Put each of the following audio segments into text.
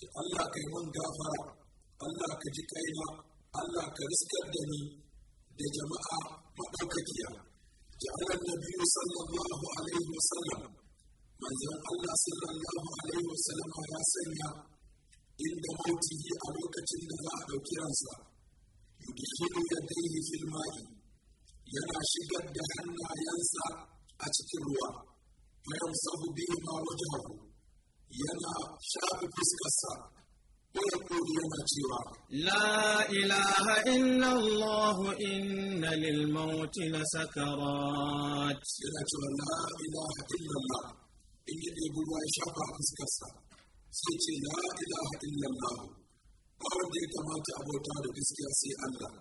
ce Allah kai mun gafara Allah ka ji kaina Allah ka riskar da ni da jama'a maɗaukakiya جعل النبي صلى الله عليه وسلم من زن الله صلى الله عليه وسلم يا سنيا عند موته ألوك تندلا أو كرنسا يدخل يديه في الماء يرى شدد دهنا ينسى أتكروا فيمسه بهما وجهه yana shafi fuskarsa لا إله إلا الله إن للموت لسكرات لا إله إلا الله إن يبو ما يشابه فسكسا لا إله إلا الله أرد كما تأبو تارك سكاسي الله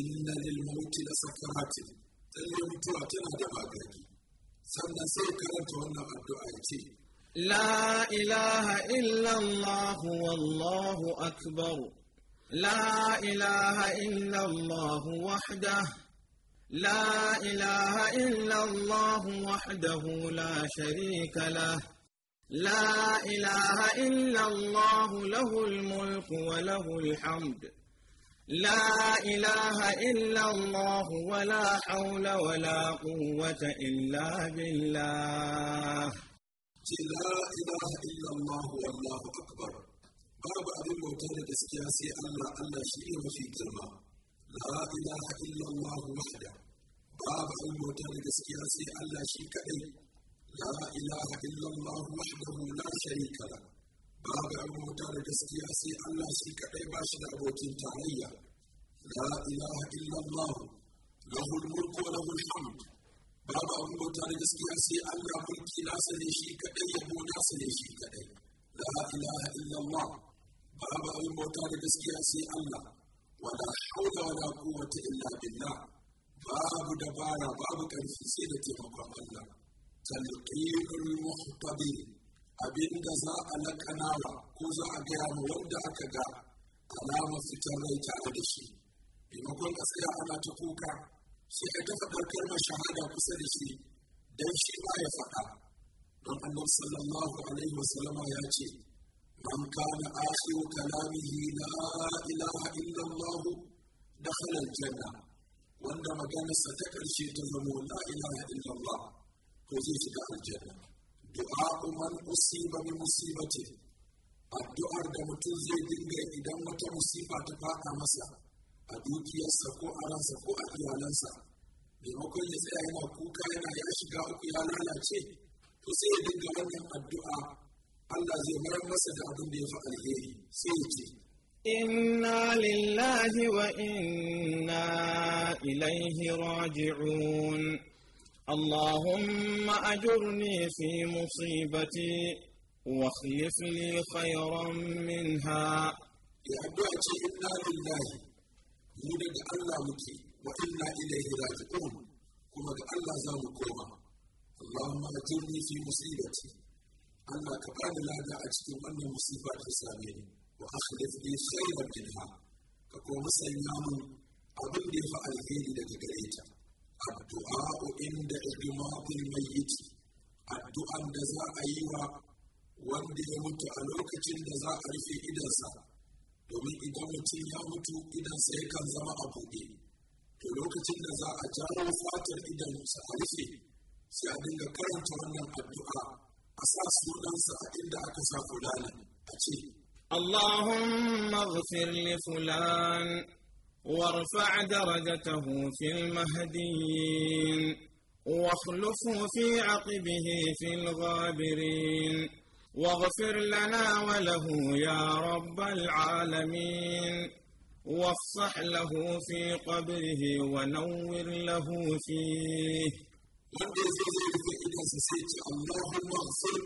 إن للموت لسكرات تلي متوى تنا دماغك سنة سيكرت وانا الدعاء لا إله إلا الله والله أكبر لا إله إلا الله وحده لا إله إلا الله وحده لا شريك له لا إله إلا الله له الملك وله الحمد لا إله إلا الله ولا حول ولا قوة إلا بالله ce la ilaha illallah wallahu akbar babu abin bauta da gaskiya sai Allah Allah shi ne mafi girma la ilaha illallah wahda babu abin bauta da gaskiya sai Allah shi kadai la ilaha illallah wahdahu la sharika la babu abin bauta da gaskiya sai Allah shi kadai ba shi da abokin tarayya la ilaha illallah lahu al-mulku wa lahu al-hamd babu abin bauta da gaskiya sai Allah mulki nasa ne shi kadai yabo nasa ne shi kadai la ilaha illallah babu abin bauta da gaskiya sai Allah wala haula wala quwwata illa billah babu dabara babu karfi sai da taimakon Allah talqinul muhtabi abinda za a lakanawa ko za a gaya ma wanda aka ga alama fitar rai tare da shi maimakon gaskiya ana ta kuka sai ya dafa ɗaukar ma shahada kusa da shi don shi ma ya faɗa don annabi sallallahu alaihi wasallama ya ce man kana akhiru kalamihi la ilaha illa allah dakhala aljanna wanda maganarsa ta ƙarshe ta zama la ilaha illa allah to zai shiga aljanna du'a man usiba bi musibati addu'ar da mutum zai dinga idan wata musiba ta faɗa masa a dukiyarsa ko a ransa ko a iyalansa maimakon ya tsaya yana kuka yana ya shiga uku ya lalace to sai ya dinga wannan addu'a Allah zai mayar masa da abin da ya fi alheri sai ya ce Inna lillahi wa inna ilaihi raji'un اللهم أجرني في مصيبتي واخلف لي خيرا منها يا إنا لله mu daga Allah muke wa inna ilaihi raji'un kuma ga Allah za mu koma Allahumma ajirni fi musibati Allah ka bani lada a cikin wannan musiba da same ni wa akhlif li khayran minha ka kuma sanya mun abin da ya fi alheri daga gare ta addu'a inda ijmaul mayyit addu'an da za a yi wa wanda ya mutu a lokacin da za a rufe idansa domin idan mutum ya mutu idan sai kan zama a buɗe to lokacin da za a jawo fatar idan sa a rufe sai a dinga karanta wannan addu'a a sa sunansa a inda aka sa fulani a ce اللهم اغفر لفلان وارفع درجته في المهديين واخلفه في عقبه في الغابرين واغفر لنا وله يا رب العالمين وافصح له في قبره ونور له فيه عند زيزي فإن سسيتي اللهم اغفر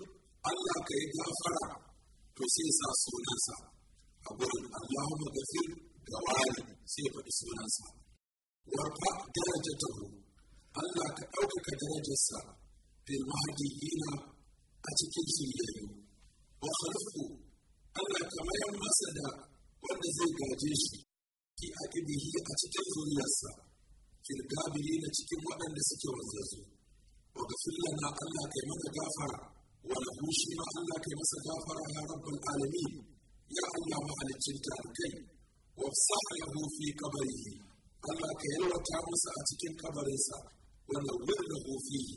الله كيدا فرع تسيسا سوناسا أقول اللهم اغفر دوالي سيبا سوناسا وقع درجته الله كأوكك درجة في المهديين أتكي في اليوم وخلفه Allah kamar yan masa da wanda zai gaje shi ki a ibihi a cikin zuriyarsa filgabiri na cikin waɗanda suke wanzazu wa gafir lana Allah kai mana gafara wa lahu shi ma Allah kai masa gafara ya rabbal alamin ya Allah mahaliccin talikai wa sa'a lahu fi qabrihi Allah ka yalwata masa a cikin kabarinsa wa nawwir lahu fihi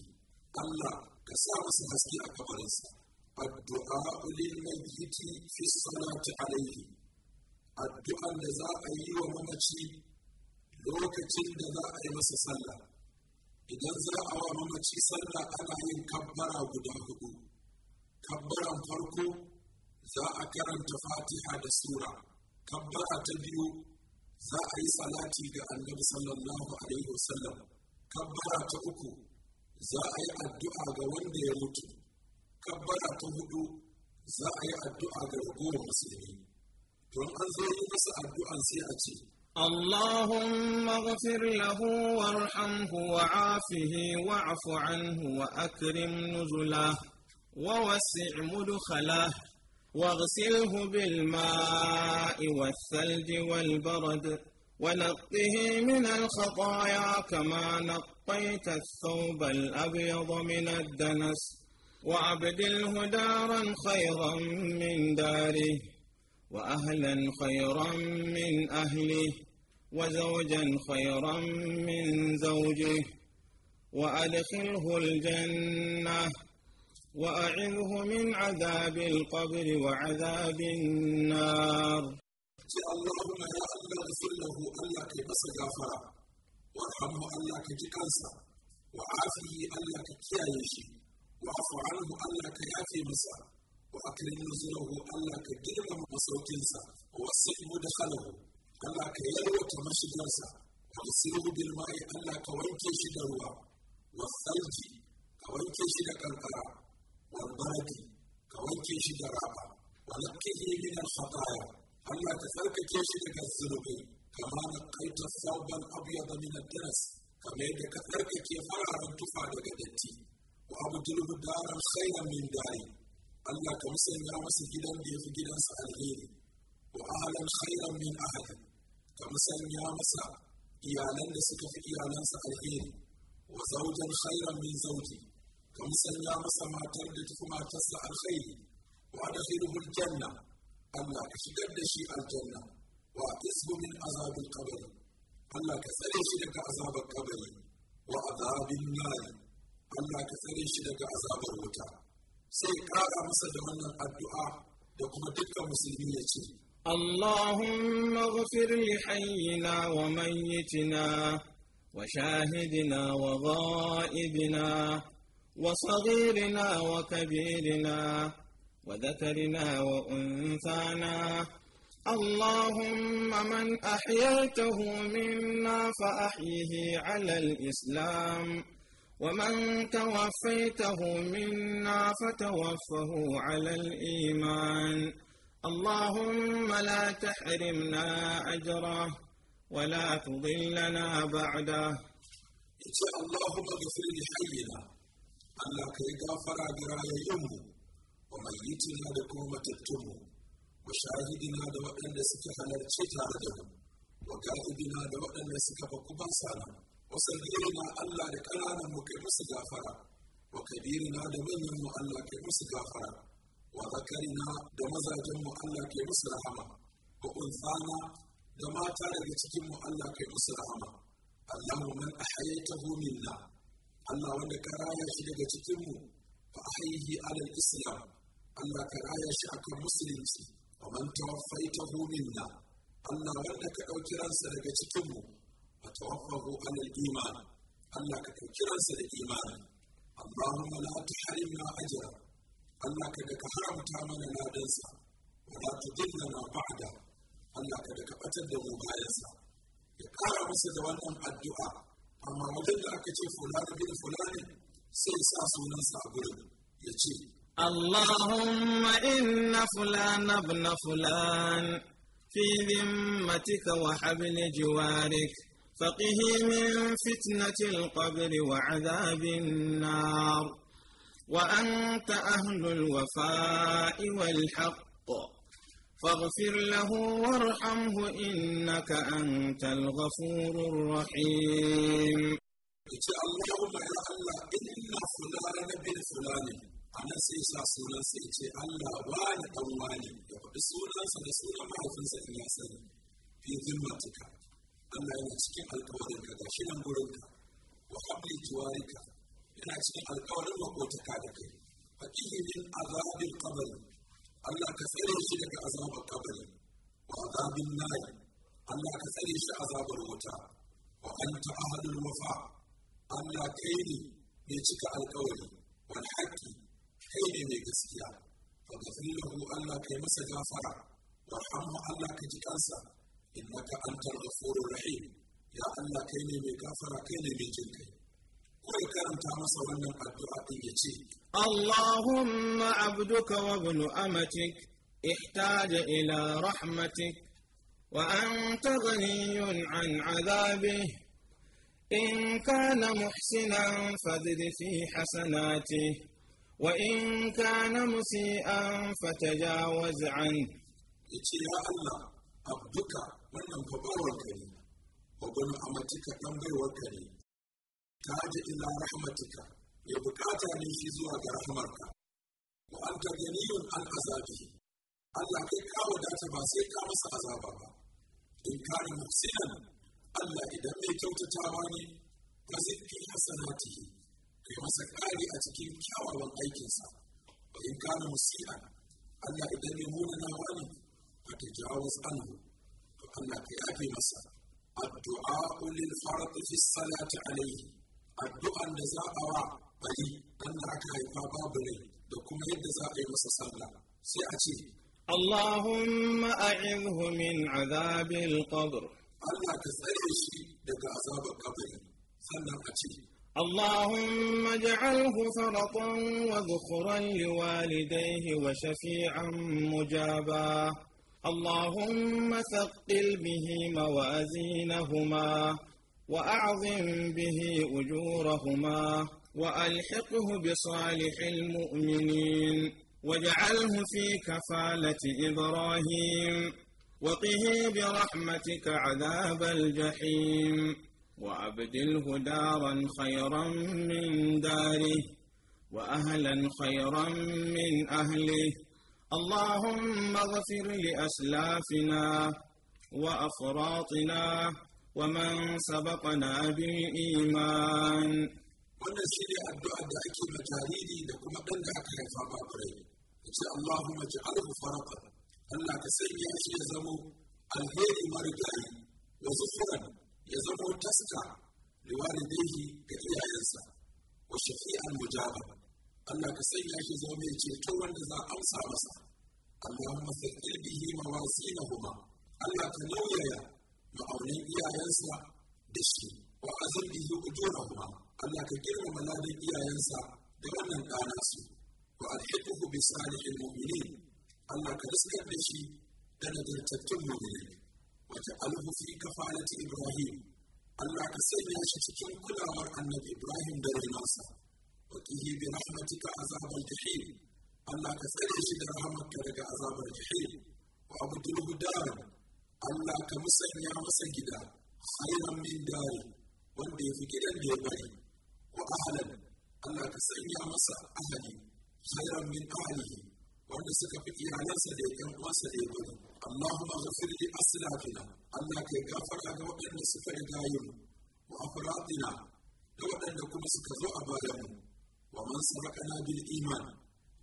Allah ka sa masa haske a kabarinsa الدعاء للميت في الصلاة عليه الدعاء لذا أي ومنتي لوكة لذا أي مسسلة إذا ذا أو ممتي صلى أنا إن كبر غداه كبر فرقه ذا أكرمت فاتحة سورة كبر تبيو za a yi salati ga annabi sallallahu alaihi wasallam kabbara ta uku za a yi addu'a ga wanda ya mutu kabbara ta hudu za a yi addu'a ga ragowar musulmi don an zo yi masa addu'an sai a ce اللهم اغفر له وارحمه وعافه واعف عنه واكرم نزله ووسع مدخله واغسله بالماء والثلج والبرد ونقه من الخطايا كما نقيت الثوب الابيض من الدنس وأبدله دارا خيرا من داره وأهلا خيرا من أهله وزوجا خيرا من زوجه وأدخله الجنة وأعذه من عذاب القبر وعذاب النار اللهم يا الله اغفر له الله كي بس غفرة وارحمه الله كي جكانسا وعافيه الله كي كيايشي واعف عنه Allah ka yafe masa wa akrim nuzulahu Allah ka girmama masaukinsa wa wasi'hu dakhalahu Allah ka yalwata mashigarsa wa silhu bil ma'i Allah ka wanke shi da ruwa wa thalji ka wanke shi da kankara wal baradi ka wanke shi da raba wa nakkihi min al khataya Allah ka tsarkake shi daga zunubai kama naqaita thawban abyada min ad-danas kamar yadda ka tsarkake fararen tufa daga datti وأبدله دارا خيرا من داري الله كمسن يا مسجدا جدا دي في وأهلا خيرا من أهلي كمسن يا مسا إيالا لسك في إيالا سألغيري وزوجا خيرا من زوجي كمسن يا مسا ما تردت فما تسع الخير وأدخله الجنة الله كشدد شيء الجنة وأعزه من عذاب القبر الله كسلش لك عذاب القبر وعذاب النار Allah ka tsare shi daga azabar wuta sai ƙara masa da wannan addu'a da kuma dukkan musulmi ya ce اللهم اغفر لحينا وميتنا وشاهدنا وغائبنا وصغيرنا وكبيرنا وذكرنا وانثانا اللهم من احييته منا فاحيه على الاسلام ومن توفيته منا فتوفه على الإيمان اللهم لا تحرمنا أجره ولا تضلنا بعده إن شاء الله اغفر لحينا ألا كي غفر غرايا يمو وميتنا لكم تتمو وشاهدنا دواء النسك على الشتاء وغائبنا دواء النسك فكبا سلام وصغيرنا الله لكرانا مكمس غافرا وكبيرنا دمنا الله كمس غافرا وذكرنا دمزا جم الله كمس رحمة وأنثانا دماتا لكتكم الله كمس رحمة اللهم من أحييته منا الله وانك رايا شلقتكم فأحيه على الإسلام الله كرايا شعك مسلم ومن توفيته منا الله وانك أوكرا سلقتكم فتوفه على الإيمان الله كتكرا سد إيمان اللهم لا تحرمنا أجرا الله كدك حرمت تعمل لا دنسا ولا تضلنا بعده الله كدك أتد مبايسا يقال مسد وأنم الدعاء أما وجد أكتي فلان بن فلان سيسا سونسا أقول يجي اللهم إن فلان ابن فلان في ذمتك وحبل جوارك فقه من فتنة القبر وعذاب النار وأنت أهل الوفاء والحق فاغفر له وارحمه إنك أنت الغفور الرحيم اللهم يا الله إن فلان بن فلان a nan sai sa sunan sai ce Allah yana cikin alkawarin ka da shirin gurin ka wa habli jiwarika yana cikin alkawarin makotaka da kai faqihi min azabil qabr Allah ka tsare shi daga azabar kabari wa azabin nar Allah ka tsare shi azabar wuta wa anta ahlul wafa Allah kai ne mai cika alkawari wal haqqi kai ne mai gaskiya fa lahu Allah kai masa gafara warhamhu Allah ka ji kansa إنك أنت الغفور الرحيم يا الله كيني من كفر كيني من جنك قل كرمت عمص ومن قد اللهم عبدك وابن أمتك احتاج إلى رحمتك وأنت غني عن عذابه إن كان محسنا فذر في حسناته وإن كان مسيئا فتجاوز عنه يا الله abduka wannan kwabarwarka ne wa bani amatika ɗan baiwarka ne ta ji ila rahmatika ya bukata ne shi zuwa ga rahmarka wa an ta ganiyun an azabi Allah kai ka wadata ba sai ka masa azaba ba in kana muhsinan Allah idan mai kyautatawa ne fa zikki hasanatihi kai masa ƙari a cikin kyawawan aikinsa wa in kana musi'an Allah idan mai munanawa ne فتجاوز عنه فقال يا أبي مصر الدعاء للفرط في الصلاة عليه الدعاء نزاء بلي أن عكاية بابلي دكم يد زائي مصر صلى سيأتي اللهم أعذه من عذاب القبر الله تسألشي لك عذاب القبر صلى أتي اللهم اجعله فرطا وذخرا لوالديه وشفيعا مجابا اللهم ثقل به موازينهما وأعظم به أجورهما وألحقه بصالح المؤمنين واجعله في كفالة إبراهيم وقه برحمتك عذاب الجحيم وأبدله دارا خيرا من داره وأهلا خيرا من أهله اللهم اغفر لأسلافنا وأفراطنا ومن سبقنا بالإيمان وانا سيدي أدعى دائك لكم أقل لك يا قريب اللهم اجعله فرقا أن كسيني أشي يزمو الهير مرقاي وزفرا يزمو تسكى لوالديه كريا ينسى وشفيئا مجاربا Allah ka sanya shi zama mai ceto wanda za a amsa masa Allahumma sakkir bihi mawasinahuma Allah ka nauyaya ma'aunin iyayensa da shi wa azim bihi ujurahuma Allah ka girmama ladan iyayensa da wannan ɗana su wa alhiquhu bi salihil mu'minin Allah ka riskar da shi da nagartattun mu'minai wa ta'alhu fi kafalati Ibrahim Allah ka sanya shi cikin kulawar annabi Ibrahim da rainansa. وكيه برحمتك عذاب الجحيم الله كفرش رحمتك لك عذاب الجحيم وأبدله دارا الله كمسن يا مسن جدا خيرا من داري وندي في كده ديباري وأهلا الله كسن يا مسن أهلي خيرا من أهله وأن سكبك يا ناس ديكم واسا ديباري اللهم اغفر لي أصلاتنا الله كيغفر لك وقل نصف الجايم وأفرادنا لو أنكم سكبوا أبادهم ومن سبقنا بالإيمان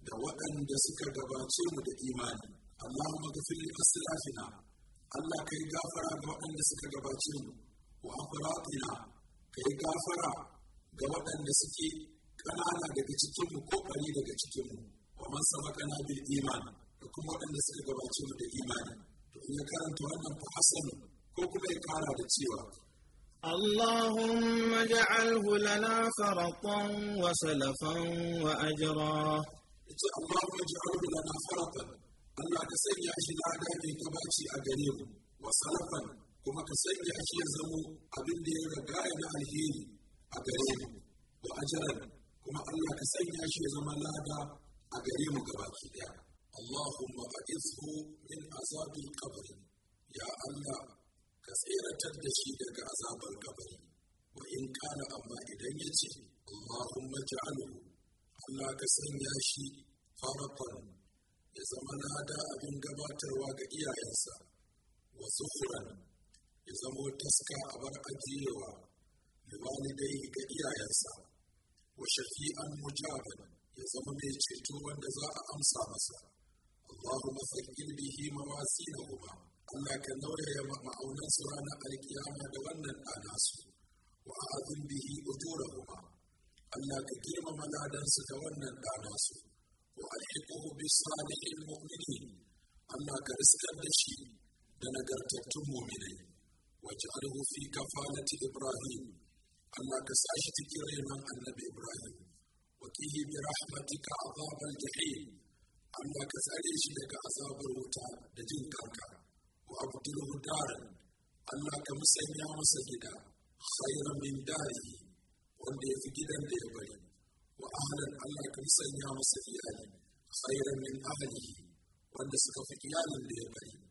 دوأن دسك دباتين دا إيمان اللهم اغفر لأسلافنا الله كي غافر دوأن دسك دباتين وأقراطنا كي غافر دوأن دسك كنانا دا كتتم كوكري دا كتتم ومن سبقنا بالإيمان لكم وأن دسك دباتين دا إيمان تقول لك أنت وأنت حسن كوكو بيكارا دا اللهم اجعله لنا فرطا وسلفا وأجرا اللهم اجعله لنا فرطا Allah ka sanya shi lada mai gabaci a gare mu wa salafan kuma ka sanya shi ya zamo abin da ya riga na alheri a gare mu wa ajaran kuma Allah ka sanya shi ya zama lada a gare mu gabaki daya Allahumma ba'ithhu min azabil qabr ya Allah ka tseratar da shi daga azabar kabari wa in kana amma idan ya ce Allahumma ja'alhu Allah ka sanya shi farafan ya zama na da abin gabatarwa ga iyayensa wa zuhuran ya zamo taska a bar ajiyewa da walidai ga iyayensa wa shafi'an mujaban ya zama mai ceto wanda za a amsa masa Allahumma fakir bihi mawazinahu ma Allah ka nauyaya ma'aunansu ranar alkiyama da wannan ɗana su wa azin bihi ujurahuma Allah ka girmama ladansu da wannan ɗana su wa alhiquhu bi salihil mu'minin Allah ka riskar da shi da nagartattun mu'minai wa ja'alhu fi kafalati ibrahim Allah ka sa shi cikin rainon annabi ibrahim wa qihi bi rahmatika azabal jahim Allah ka tsare shi daga azabar wuta da jin kanka وأبدله دارا ألا كمسين نعم يا مسجدا خيرا من داره وندي في جدا ديبري وأهلا ألا كمسين نعم يا مسجدا خيرا من أهله وندي سكفك يا من